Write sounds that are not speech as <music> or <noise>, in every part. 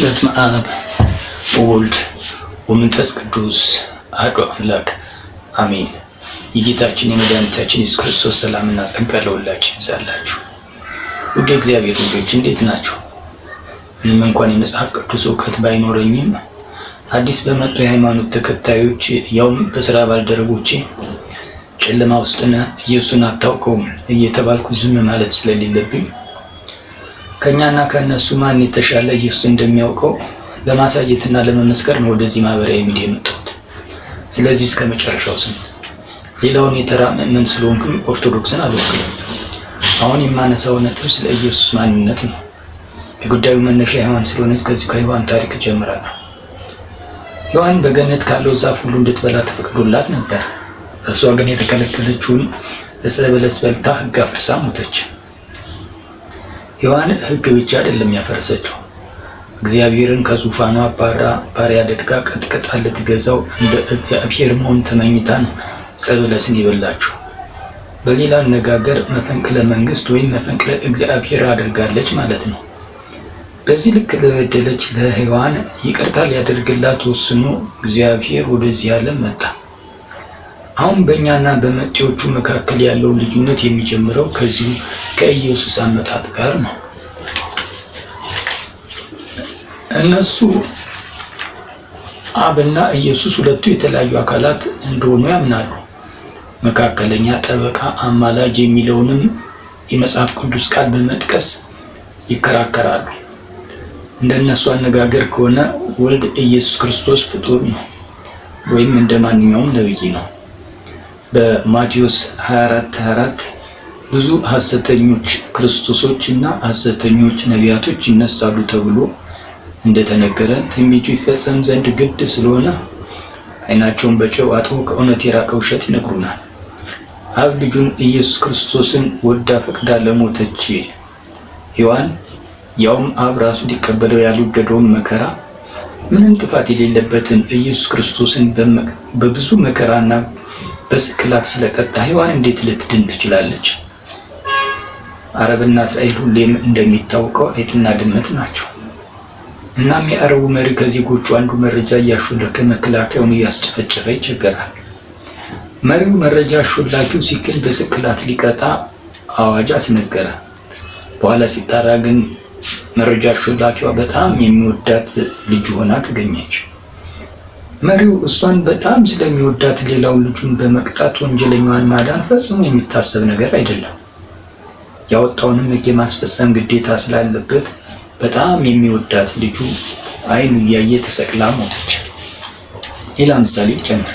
በስመ አብ ወወልድ ወመንፈስ ቅዱስ አሐዱ አምላክ አሜን። የጌታችን የመድኃኒታችን ኢየሱስ ክርስቶስ ሰላምና ጸጋ ለሁላችን ይብዛላችሁ። ወደ እግዚአብሔር ልጆች እንዴት ናችሁ? ምንም እንኳን የመጽሐፍ ቅዱስ እውቀት ባይኖረኝም አዲስ በመጡ የሃይማኖት ተከታዮች ያውም በስራ ባልደረቦቼ ጨለማ ውስጥ ነህ፣ ኢየሱስን አታውቀውም እየተባልኩ ዝም ማለት ስለሌለብኝ ከእኛና ከእነሱ ማን የተሻለ ኢየሱስ እንደሚያውቀው ለማሳየትና ለመመስከር ነው ወደዚህ ማህበራዊ ሚዲያ የመጣሁት። ስለዚህ እስከ መጨረሻው ስም ሌላውን የተራ ምእመን ስለሆንክም ኦርቶዶክስን አልወክልም። አሁን የማነሳው ነጥብ ስለ ኢየሱስ ማንነት ነው። የጉዳዩ መነሻ ሔዋን ስለሆነች ከዚህ ከሔዋን ታሪክ እጀምራለሁ። ሔዋን በገነት ካለው ዛፍ ሁሉ እንድትበላ ተፈቅዶላት ነበር። እርሷ ግን የተከለከለችውን ዕፀ በለስ በልታ ሕግ አፍርሳ ሞተች። ሔዋን ሕግ ብቻ አይደለም ያፈረሰችው፣ እግዚአብሔርን ከዙፋኗ ባሪያ አድርጋ ቀጥቅጣ ልትገዛው እንደ እግዚአብሔር መሆን ተመኝታ ነው ዕፀ ይበላችሁ። በሌላ አነጋገር መፈንቅለ መንግስት ወይም መፈንቅለ እግዚአብሔር አድርጋለች ማለት ነው። በዚህ ልክ ለበደለች ለሔዋን ይቅርታ ሊያደርግላት ወስኖ እግዚአብሔር ወደዚህ ዓለም መጣ። አሁን በእኛና በመጤዎቹ መካከል ያለው ልዩነት የሚጀምረው ከዚሁ ከኢየሱስ አመጣጥ ጋር ነው። እነሱ አብና ኢየሱስ ሁለቱ የተለያዩ አካላት እንደሆኑ ያምናሉ። መካከለኛ ጠበቃ፣ አማላጅ የሚለውንም የመጽሐፍ ቅዱስ ቃል በመጥቀስ ይከራከራሉ። እንደነሱ አነጋገር ከሆነ ወልድ ኢየሱስ ክርስቶስ ፍጡር ነው ወይም እንደ ማንኛውም ነብይ ነው። በማቴዎስ 24 24 ብዙ ሐሰተኞች ክርስቶሶች እና ሐሰተኞች ነቢያቶች ይነሳሉ ተብሎ እንደተነገረ ትንቢቱ ይፈጸም ዘንድ ግድ ስለሆነ ዓይናቸውን በጨው አጥበው ከእውነት የራቀ ውሸት ይነግሩናል። አብ ልጁን ኢየሱስ ክርስቶስን ወዳ ፈቅዳ ለሞተች ሔዋን ያውም አብ ራሱ ሊቀበለው ያልወደደውን መከራ ምንም ጥፋት የሌለበትን ኢየሱስ ክርስቶስን በብዙ መከራና በስክላት ስለቀጣ ሔዋን እንዴት ልትድን ትችላለች? አረብና እስራኤል ሁሌም እንደሚታወቀው አይጥና ድመት ናቸው። እናም የአረቡ መሪ ከዜጎቹ አንዱ መረጃ እያሾለከ መከላከያውን እያስጨፈጨፈ ይቸገራል። መሪው መረጃ አሾላኪው ሲገኝ በስቅላት ሊቀጣ አዋጅ አስነገረ። በኋላ ሲጣራ ግን መረጃ አሾላኪዋ በጣም የሚወዳት ልጅ ሆና ተገኘች። መሪው እሷን በጣም ስለሚወዳት ሌላው ልጁን በመቅጣት ወንጀለኛዋን ማዳን ፈጽሞ የሚታሰብ ነገር አይደለም። ያወጣውንም ሕግ የማስፈጸም ግዴታ ስላለበት በጣም የሚወዳት ልጁ አይኑ እያየ ተሰቅላ ሞተች። ሌላ ምሳሌ ጨምር።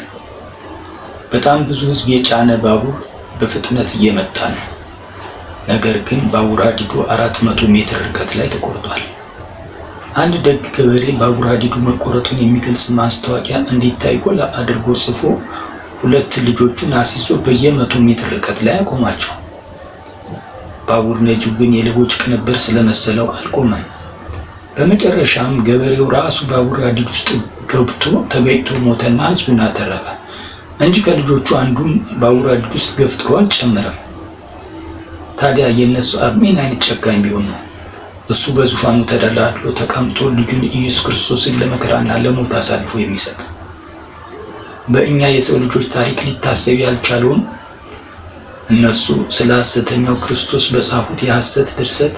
በጣም ብዙ ሕዝብ የጫነ ባቡር በፍጥነት እየመጣ ነው። ነገር ግን ባቡር አድዶ አራት መቶ ሜትር ርቀት ላይ ተቆርጧል። አንድ ደግ ገበሬ ባቡር ሐዲዱ መቆረጡን የሚገልጽ ማስታወቂያ እንዲታይ ጎላ አድርጎ ጽፎ ሁለት ልጆቹን አስይዞ በየመቶ ሜትር ርቀት ላይ አቆማቸው። ባቡር ነጁ ግን የልቦች ቅንብር ስለመሰለው አልቆመም። በመጨረሻም ገበሬው ራሱ ባቡር ሐዲድ ውስጥ ገብቶ ተገጭቶ ሞተና ህዝቡን አተረፈ እንጂ ከልጆቹ አንዱን ባቡር ሐዲድ ውስጥ ገፍጥሮ አልጨመረም። ታዲያ የእነሱ አብ ምን አይነት ጨካኝ ቢሆን ነው? እሱ በዙፋኑ ተደላድሎ ተቀምጦ ልጁን ኢየሱስ ክርስቶስን ለመከራና ለሞት አሳልፎ የሚሰጥ በእኛ የሰው ልጆች ታሪክ ሊታሰብ ያልቻለውን እነሱ ስለ ሐሰተኛው ክርስቶስ በጻፉት የሐሰት ድርሰት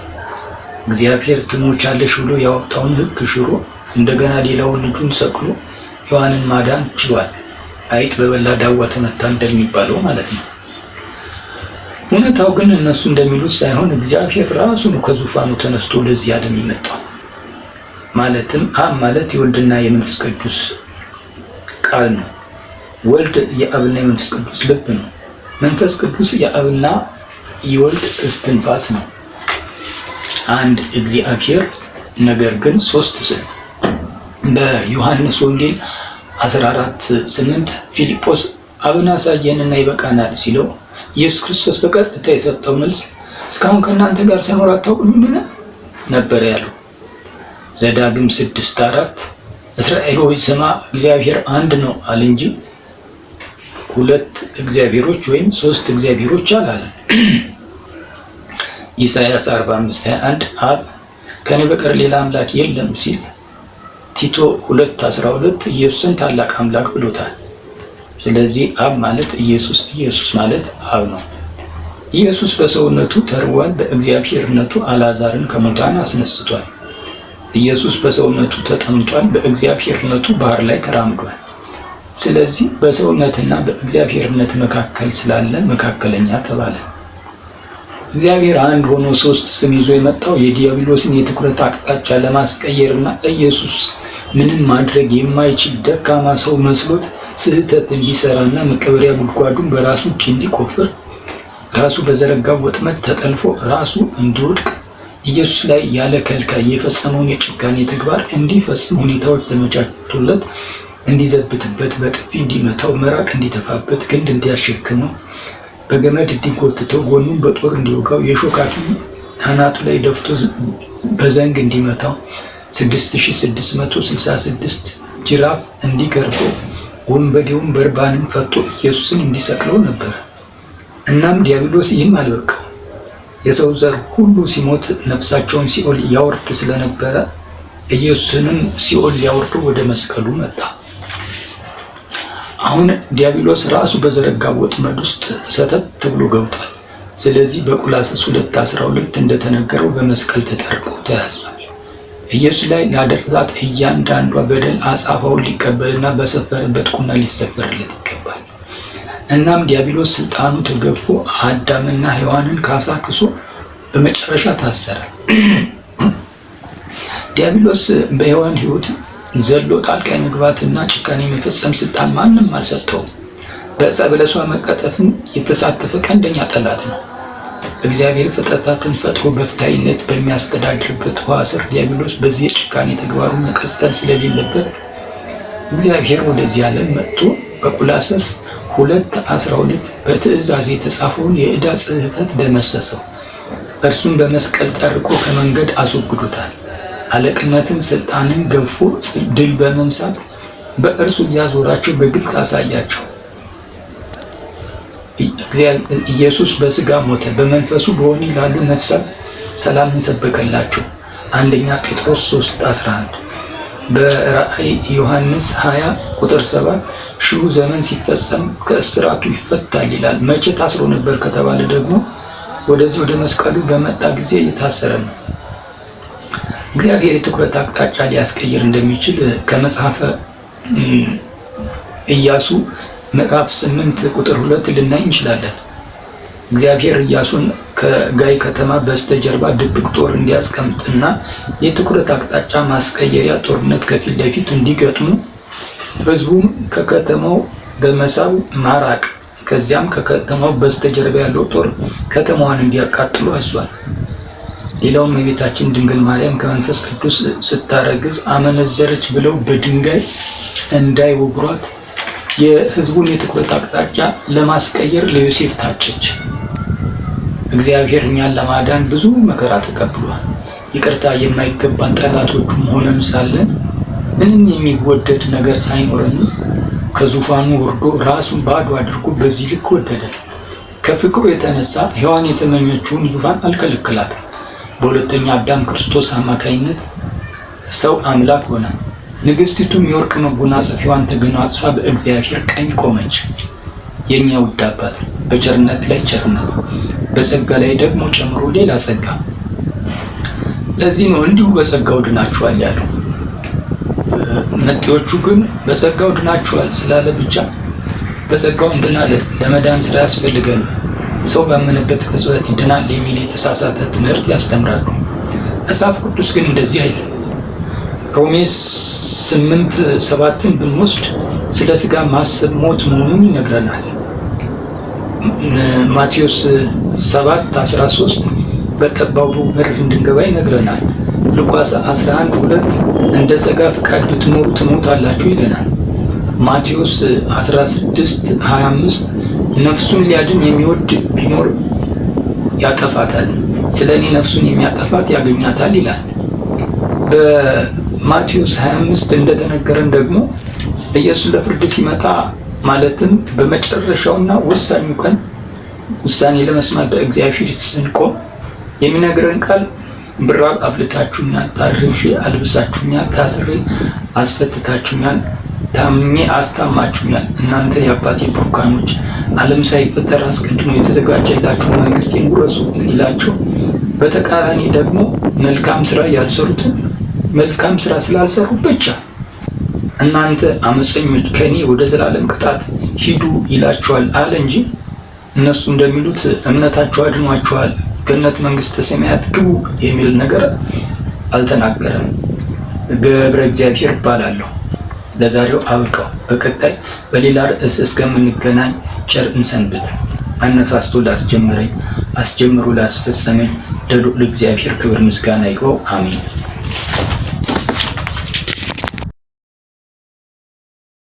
እግዚአብሔር ትሞቻለሽ ብሎ ያወጣውን ሕግ ሽሮ እንደገና ሌላውን ልጁን ሰቅሎ ሔዋንን ማዳን ችሏል። አይጥ በበላ ዳዋ ተመታ እንደሚባለው ማለት ነው። እውነታው ግን እነሱ እንደሚሉት ሳይሆን እግዚአብሔር ራሱ ነው ከዙፋኑ ተነስቶ ለዚህ ዓለም የመጣው። ማለትም አብ ማለት የወልድና የመንፈስ ቅዱስ ቃል ነው። ወልድ የአብና የመንፈስ ቅዱስ ልብ ነው። መንፈስ ቅዱስ የአብና የወልድ እስትንፋስ ነው። አንድ እግዚአብሔር ነገር ግን ሶስት ስል በዮሐንስ ወንጌል 14 8 ፊልጶስ አብን አሳየንና ይበቃናል ሲለው ኢየሱስ ክርስቶስ በቀጥታ የሰጠው መልስ እስካሁን ከእናንተ ጋር ስኖር አታውቁምን ነበር ያለው። ዘዳግም ስድስት አራት እስራኤል ሆይ ስማ እግዚአብሔር አንድ ነው አለ እንጂ ሁለት እግዚአብሔሮች ወይም ሶስት እግዚአብሔሮች አላለ። ኢሳያስ 45 21 አብ ከኔ በቀር ሌላ አምላክ የለም ሲል ቲቶ 2 12 ኢየሱስን ታላቅ አምላክ ብሎታል። ስለዚህ አብ ማለት ኢየሱስ፣ ኢየሱስ ማለት አብ ነው። ኢየሱስ በሰውነቱ ተርቧል፣ በእግዚአብሔርነቱ አላዛርን ከሙታን አስነስቷል። ኢየሱስ በሰውነቱ ተጠምቷል በእግዚአብሔርነቱ ባህር ላይ ተራምዷል። ስለዚህ በሰውነትና በእግዚአብሔርነት መካከል ስላለ መካከለኛ ተባለ። እግዚአብሔር አንድ ሆኖ ሶስት ስም ይዞ የመጣው የዲያብሎስን የትኩረት አቅጣጫ ለማስቀየርና ኢየሱስ ምንም ማድረግ የማይችል ደካማ ሰው መስሎት ስህተት እንዲሰራና መቀበሪያ ጉድጓዱን በራሱ እጅ እንዲቆፍር ራሱ በዘረጋው ወጥመድ ተጠልፎ ራሱ እንዲወድቅ ኢየሱስ ላይ ያለ ከልካይ የፈጸመውን የጭካኔ ተግባር እንዲፈጽም ሁኔታዎች ተመቻችቶለት እንዲዘብትበት፣ በጥፊ እንዲመታው፣ መራቅ እንዲተፋበት፣ ግንድ እንዲያሸክመው፣ በገመድ እንዲጎትተው፣ ጎኑን በጦር እንዲወጋው፣ የሾካቱ አናቱ ላይ ደፍቶ በዘንግ እንዲመታው፣ 6666 ጅራፍ እንዲገርፈው ወንበዴውን በርባንም ፈቶ ኢየሱስን እንዲሰቅለው ነበር። እናም ዲያብሎስ ይህም አልበቃው። የሰው ዘር ሁሉ ሲሞት ነፍሳቸውን ሲኦል ያወርድ ስለነበረ ኢየሱስንም ሲኦል ሊያወርዱ ወደ መስቀሉ መጣ። አሁን ዲያብሎስ ራሱ በዘረጋ ወጥመድ ውስጥ ሰተት ተብሎ ገብቷል። ስለዚህ በቁላስስ 2:12 እንደተነገረው በመስቀል ተጠርቆ ተያዟል። ኢየሱስ ላይ ላደረሳት እያንዳንዷ በደል አጻፋውን ሊቀበልና በሰፈረበት ቁና ሊሰፈርለት ይገባል። እናም ዲያብሎስ ስልጣኑ ተገፎ አዳምና ሔዋንን ካሳክሶ በመጨረሻ ታሰረ። <clears throat> ዲያብሎስ በሔዋን ሕይወት ዘሎ ጣልቃ መግባትና ጭካኔ የመፈጸም ስልጣን ማንም አልሰጠውም። በዕፀ በለሷ መቀጠፍም የተሳተፈ ቀንደኛ ጠላት ነው። እግዚአብሔር ፍጥረታትን ፈጥሮ በፍታይነት በሚያስተዳድርበት ውሃ ስር ዲያብሎስ በዚህ ጭካኔ ተግባሩ መቀጠል ስለሌለበት እግዚአብሔር ወደዚህ ዓለም መጥቶ በቁላሰስ ሁለት አስራ ሁለት በትእዛዝ የተጻፈውን የዕዳ ጽሕፈት ደመሰሰው። እርሱም በመስቀል ጠርቆ ከመንገድ አስወግዶታል። አለቅነትን፣ ስልጣንን ገፎ ድል በመንሳት በእርሱ እያዞራቸው በግልጽ አሳያቸው። ኢየሱስ በስጋ ሞተ፣ በመንፈሱ በወኅኒ ላሉ ነፍሳት ሰላም ሰበከላቸው። አንደኛ ጴጥሮስ 3 11 በራእይ ዮሐንስ 20 ቁጥር 7 ሽሁ ዘመን ሲፈጸም ከእስራቱ ይፈታል ይላል። መቼ ታስሮ ነበር ከተባለ ደግሞ ወደዚህ ወደ መስቀሉ በመጣ ጊዜ እየታሰረ ነው። እግዚአብሔር የትኩረት አቅጣጫ ሊያስቀይር እንደሚችል ከመጽሐፈ ኢያሱ ምዕራፍ ስምንት ቁጥር ሁለት ልናይ እንችላለን። እግዚአብሔር ኢያሱን ከጋይ ከተማ በስተጀርባ ድብቅ ጦር እንዲያስቀምጥና የትኩረት አቅጣጫ ማስቀየሪያ ጦርነት ከፊት ለፊት እንዲገጥሙ ህዝቡም ከከተማው በመሳብ ማራቅ ከዚያም ከከተማው በስተጀርባ ያለው ጦር ከተማዋን እንዲያቃጥሉ አዟል። ሌላውም የቤታችን ድንግል ማርያም ከመንፈስ ቅዱስ ስታረግዝ አመነዘረች ብለው በድንጋይ እንዳይወግሯት የህዝቡን የትኩረት አቅጣጫ ለማስቀየር ለዮሴፍ ታጨች። እግዚአብሔር እኛን ለማዳን ብዙ መከራ ተቀብሏል። ይቅርታ የማይገባን ጠላቶቹም ሆነን ሳለን ምንም የሚወደድ ነገር ሳይኖረንም ከዙፋኑ ወርዶ ራሱን ባዶ አድርጎ በዚህ ልክ ወደደን። ከፍቅሩ የተነሳ ሔዋን የተመኘችውን ዙፋን አልከለከላትም። በሁለተኛ አዳም ክርስቶስ አማካኝነት ሰው አምላክ ሆነ። ንግሥቲቱም የወርቅ መጎናጸፊያዋን ተገናጽፋ በእግዚአብሔር ቀኝ ቆመች። የእኛ ውድ አባት በቸርነት ላይ ቸርነት፣ በጸጋ ላይ ደግሞ ጨምሮ ሌላ ጸጋ። ለዚህ ነው እንዲሁ በጸጋው ድናችኋል ያለው። መጤዎቹ ግን በጸጋው ድናችኋል ስላለ ብቻ በጸጋው እንድናለን ለመዳን ስራ ያስፈልገን ሰው ባመነበት ቅጽበት ይድናል የሚል የተሳሳተ ትምህርት ያስተምራሉ። መጽሐፍ ቅዱስ ግን እንደዚህ አይልም። ሮሜ ስምንት ሰባትን ብንወስድ ስለ ስጋ ማሰብ ሞት መሆኑን ይነግረናል። ማቴዎስ ሰባት 13 ሶስት በጠባቡ በር እንድንገባ ይነግረናል። ሉቃስ 11 2 እንደ ስጋ ፍቃድ ብትኖሩ ትሞታላችሁ ይለናል። ማቴዎስ 16 25 ነፍሱን ሊያድን የሚወድ ቢኖር ያጠፋታል፣ ስለ እኔ ነፍሱን የሚያጠፋት ያገኛታል ይላል። ማቴዎስ 25 እንደተነገረን ደግሞ ኢየሱስ ለፍርድ ሲመጣ ማለትም በመጨረሻውና ወሳኙ ቀን ውሳኔ ለመስማት በእግዚአብሔር ስንቆም የሚነግረን ቃል ብራብ አብልታችሁኛል፣ ታርዤ አልብሳችሁኛል፣ ታስሬ አስፈትታችሁኛል፣ ታምሜ አስታማችሁኛል። እናንተ የአባቴ ቡሩካኖች፣ ዓለም ሳይፈጠር አስቀድሞ የተዘጋጀላችሁ መንግሥቴን ውረሱ ይላቸው። በተቃራኒ ደግሞ መልካም ስራ ያልሰሩትን መልካም ስራ ስላልሰሩ ብቻ እናንተ አመፀኞች ከኔ ወደ ዘላለም ቅጣት ሂዱ ይላችኋል አለ እንጂ እነሱ እንደሚሉት እምነታችሁ አድኗችኋል፣ ገነት መንግስተ ሰማያት ግቡ የሚል ነገር አልተናገረም። ገብረ እግዚአብሔር እባላለሁ። ለዛሬው አብቃው። በቀጣይ በሌላ ርዕስ እስከምንገናኝ ቸር እንሰንብት። አነሳስቶ ላስጀምረኝ አስጀምሮ ላስፈጸመኝ ለልዑል እግዚአብሔር ክብር ምስጋና ይግባው። አሜን።